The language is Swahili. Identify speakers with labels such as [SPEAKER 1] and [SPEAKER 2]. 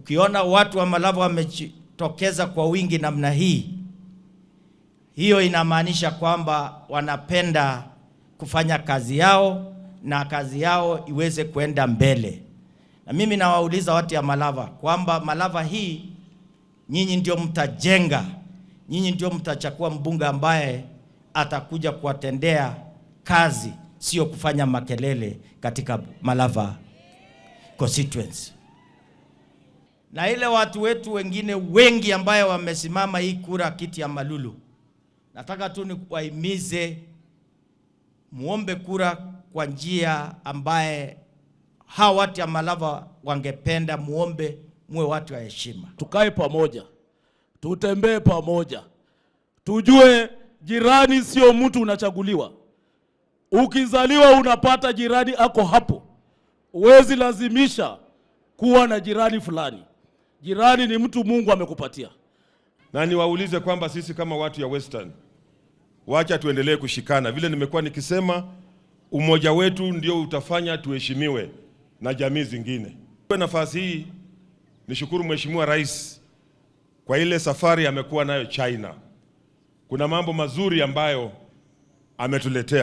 [SPEAKER 1] Ukiona watu wa Malava wamejitokeza kwa wingi namna hii, hiyo inamaanisha kwamba wanapenda kufanya kazi yao na kazi yao iweze kuenda mbele. Na mimi nawauliza watu ya Malava kwamba Malava hii nyinyi ndio mtajenga, nyinyi ndio mtachakua mbunge ambaye atakuja kuwatendea kazi, sio kufanya makelele katika Malava constituency na ile watu wetu wengine wengi ambayo wamesimama hii kura kiti ya Malulu, nataka tu nikuwahimize muombe kura kwa njia ambaye hawa watu ya Malava wangependa muombe, muwe watu wa heshima.
[SPEAKER 2] Tukae pamoja, tutembee pamoja, tujue jirani sio mtu unachaguliwa. Ukizaliwa unapata jirani ako hapo, huwezi lazimisha kuwa na jirani fulani. Jirani ni mtu Mungu amekupatia.
[SPEAKER 3] Na niwaulize kwamba sisi kama watu ya Western, wacha tuendelee kushikana. Vile nimekuwa nikisema, umoja wetu ndio utafanya tuheshimiwe na jamii zingine. Kwa nafasi hii nishukuru Mheshimiwa Rais kwa ile safari amekuwa nayo China. Kuna mambo mazuri ambayo ametuletea.